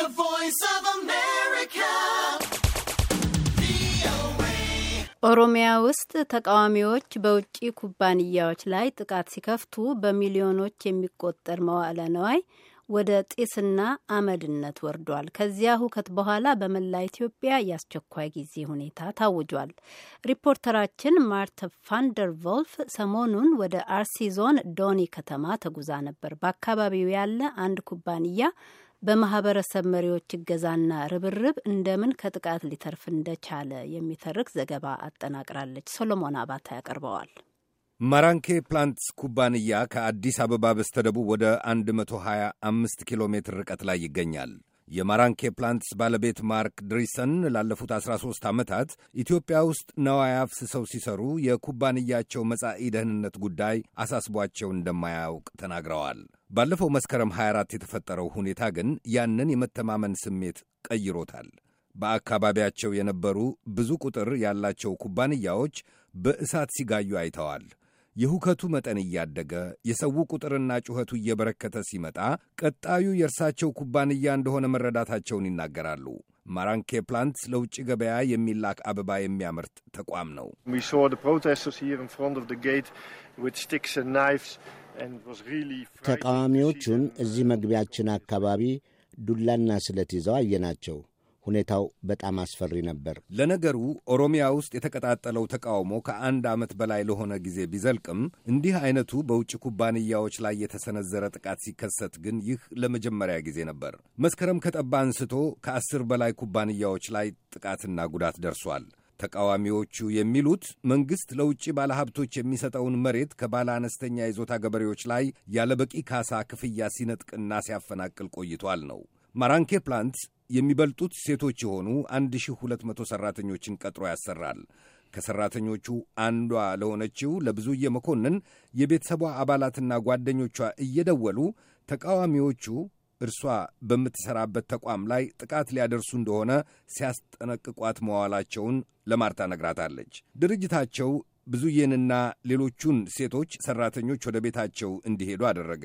The Voice of America. ኦሮሚያ ውስጥ ተቃዋሚዎች በውጭ ኩባንያዎች ላይ ጥቃት ሲከፍቱ በሚሊዮኖች የሚቆጠር መዋዕለ ነዋይ ወደ ጢስና አመድነት ወርዷል። ከዚያ ሁከት በኋላ በመላ ኢትዮጵያ የአስቸኳይ ጊዜ ሁኔታ ታውጇል። ሪፖርተራችን ማርተ ፋንደር ቮልፍ ሰሞኑን ወደ አርሲ ዞን ዶኒ ከተማ ተጉዛ ነበር። በአካባቢው ያለ አንድ ኩባንያ በማህበረሰብ መሪዎች እገዛና ርብርብ እንደምን ከጥቃት ሊተርፍ እንደቻለ የሚተርክ ዘገባ አጠናቅራለች። ሶሎሞን አባታ ያቀርበዋል። ማራንኬ ፕላንትስ ኩባንያ ከአዲስ አበባ በስተደቡብ ወደ 125 ኪሎ ሜትር ርቀት ላይ ይገኛል። የማራንኬ ፕላንትስ ባለቤት ማርክ ድሪሰን ላለፉት 13 ዓመታት ኢትዮጵያ ውስጥ ነዋይ አፍስሰው ሲሰሩ የኩባንያቸው መጻኢ ደህንነት ጉዳይ አሳስቧቸው እንደማያውቅ ተናግረዋል። ባለፈው መስከረም 24 የተፈጠረው ሁኔታ ግን ያንን የመተማመን ስሜት ቀይሮታል። በአካባቢያቸው የነበሩ ብዙ ቁጥር ያላቸው ኩባንያዎች በእሳት ሲጋዩ አይተዋል። የሁከቱ መጠን እያደገ የሰው ቁጥርና ጩኸቱ እየበረከተ ሲመጣ ቀጣዩ የእርሳቸው ኩባንያ እንደሆነ መረዳታቸውን ይናገራሉ። ማራንኬ ፕላንት ለውጭ ገበያ የሚላክ አበባ የሚያመርት ተቋም ነው። ተቃዋሚዎቹን እዚህ መግቢያችን አካባቢ ዱላና ስለት ይዘው አየናቸው። ሁኔታው በጣም አስፈሪ ነበር። ለነገሩ ኦሮሚያ ውስጥ የተቀጣጠለው ተቃውሞ ከአንድ ዓመት በላይ ለሆነ ጊዜ ቢዘልቅም እንዲህ አይነቱ በውጭ ኩባንያዎች ላይ የተሰነዘረ ጥቃት ሲከሰት ግን ይህ ለመጀመሪያ ጊዜ ነበር። መስከረም ከጠባ አንስቶ ከአስር በላይ ኩባንያዎች ላይ ጥቃትና ጉዳት ደርሷል። ተቃዋሚዎቹ የሚሉት መንግሥት ለውጭ ባለሀብቶች የሚሰጠውን መሬት ከባለ አነስተኛ ይዞታ ገበሬዎች ላይ ያለ በቂ ካሳ ክፍያ ሲነጥቅና ሲያፈናቅል ቆይቷል ነው። ማራንኬ ፕላንት የሚበልጡት ሴቶች የሆኑ 1200 ሠራተኞችን ቀጥሮ ያሰራል። ከሠራተኞቹ አንዷ ለሆነችው ለብዙዬ መኮንን የቤተሰቧ አባላትና ጓደኞቿ እየደወሉ ተቃዋሚዎቹ እርሷ በምትሠራበት ተቋም ላይ ጥቃት ሊያደርሱ እንደሆነ ሲያስጠነቅቋት መዋላቸውን ለማርታ ነግራታለች። ድርጅታቸው ብዙዬንና ሌሎቹን ሴቶች ሠራተኞች ወደ ቤታቸው እንዲሄዱ አደረገ።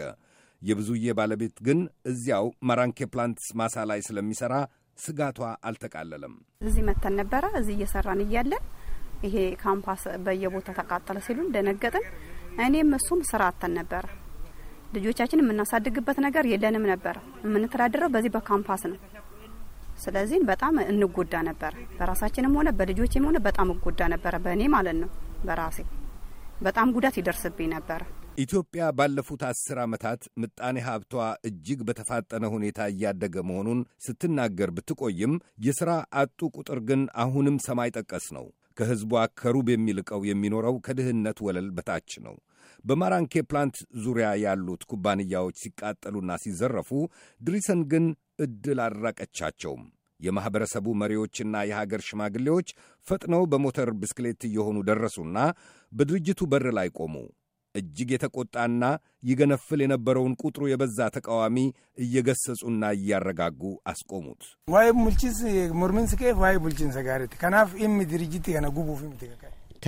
የብዙዬ ባለቤት ግን እዚያው መራንኬ ፕላንትስ ማሳ ላይ ስለሚሰራ ስጋቷ አልተቃለለም። እዚህ መተን ነበረ። እዚህ እየሰራን እያለ ይሄ ካምፓስ በየቦታ ተቃጠለ ሲሉን ደነገጥን። እኔም እሱም ስራ አተን ነበረ። ልጆቻችን የምናሳድግበት ነገር የለንም ነበረ። የምንተዳድረው በዚህ በካምፓስ ነው። ስለዚህ በጣም እንጎዳ ነበረ። በራሳችንም ሆነ በልጆችም ሆነ በጣም እጎዳ ነበረ። በእኔ ማለት ነው። በራሴ በጣም ጉዳት ይደርስብኝ ነበረ። ኢትዮጵያ ባለፉት አስር ዓመታት ምጣኔ ሀብቷ እጅግ በተፋጠነ ሁኔታ እያደገ መሆኑን ስትናገር ብትቆይም የሥራ አጡ ቁጥር ግን አሁንም ሰማይ ጠቀስ ነው። ከሕዝቧ ከሩብ የሚልቀው የሚኖረው ከድህነት ወለል በታች ነው። በማራንኬ ፕላንት ዙሪያ ያሉት ኩባንያዎች ሲቃጠሉና ሲዘረፉ፣ ድሪሰን ግን ዕድል አልራቀቻቸውም። የማኅበረሰቡ መሪዎችና የሀገር ሽማግሌዎች ፈጥነው በሞተር ብስክሌት እየሆኑ ደረሱና በድርጅቱ በር ላይ ቆሙ። እጅግ የተቆጣና ይገነፍል የነበረውን ቁጥሩ የበዛ ተቃዋሚ እየገሰጹና እያረጋጉ አስቆሙት።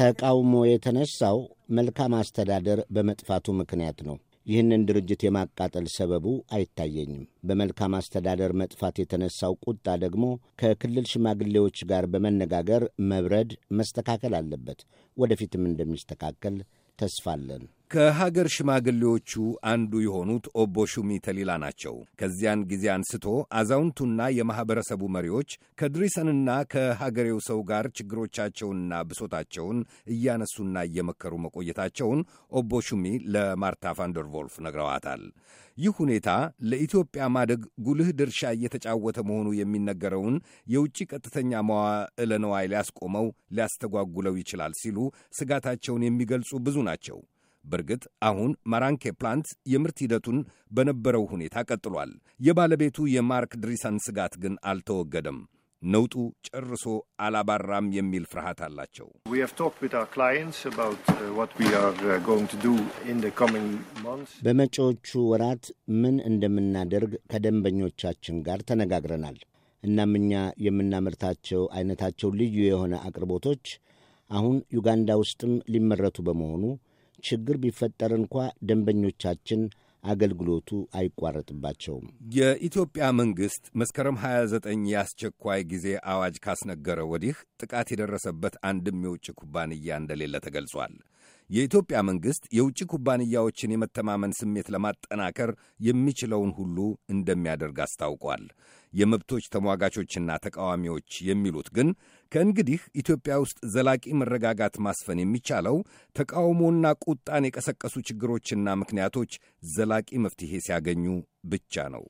ተቃውሞ የተነሳው መልካም አስተዳደር በመጥፋቱ ምክንያት ነው። ይህንን ድርጅት የማቃጠል ሰበቡ አይታየኝም። በመልካም አስተዳደር መጥፋት የተነሳው ቁጣ ደግሞ ከክልል ሽማግሌዎች ጋር በመነጋገር መብረድ መስተካከል አለበት። ወደፊትም እንደሚስተካከል ተስፋለን። ከሀገር ሽማግሌዎቹ አንዱ የሆኑት ኦቦ ሹሚ ተሊላ ናቸው። ከዚያን ጊዜ አንስቶ አዛውንቱና የማኅበረሰቡ መሪዎች ከድሪሰንና ከሀገሬው ሰው ጋር ችግሮቻቸውንና ብሶታቸውን እያነሱና እየመከሩ መቆየታቸውን ኦቦ ሹሚ ለማርታ ቫንደርቮልፍ ነግረዋታል። ይህ ሁኔታ ለኢትዮጵያ ማደግ ጉልህ ድርሻ እየተጫወተ መሆኑ የሚነገረውን የውጭ ቀጥተኛ መዋዕለ ነዋይ ሊያስቆመው፣ ሊያስተጓጉለው ይችላል ሲሉ ስጋታቸውን የሚገልጹ ብዙ ናቸው። በእርግጥ አሁን ማራንኬ ፕላንት የምርት ሂደቱን በነበረው ሁኔታ ቀጥሏል። የባለቤቱ የማርክ ድሪሰን ስጋት ግን አልተወገደም። ነውጡ ጨርሶ አላባራም የሚል ፍርሃት አላቸው። uh, uh, በመጪዎቹ ወራት ምን እንደምናደርግ ከደንበኞቻችን ጋር ተነጋግረናል። እናም እኛ የምናመርታቸው አይነታቸው ልዩ የሆነ አቅርቦቶች አሁን ዩጋንዳ ውስጥም ሊመረቱ በመሆኑ ችግር ቢፈጠር እንኳ ደንበኞቻችን አገልግሎቱ አይቋረጥባቸውም። የኢትዮጵያ መንግሥት መስከረም 29 የአስቸኳይ ጊዜ አዋጅ ካስነገረ ወዲህ ጥቃት የደረሰበት አንድም የውጭ ኩባንያ እንደሌለ ተገልጿል። የኢትዮጵያ መንግሥት የውጭ ኩባንያዎችን የመተማመን ስሜት ለማጠናከር የሚችለውን ሁሉ እንደሚያደርግ አስታውቋል። የመብቶች ተሟጋቾችና ተቃዋሚዎች የሚሉት ግን ከእንግዲህ ኢትዮጵያ ውስጥ ዘላቂ መረጋጋት ማስፈን የሚቻለው ተቃውሞና ቁጣን የቀሰቀሱ ችግሮችና ምክንያቶች ዘላቂ መፍትሔ ሲያገኙ ብቻ ነው።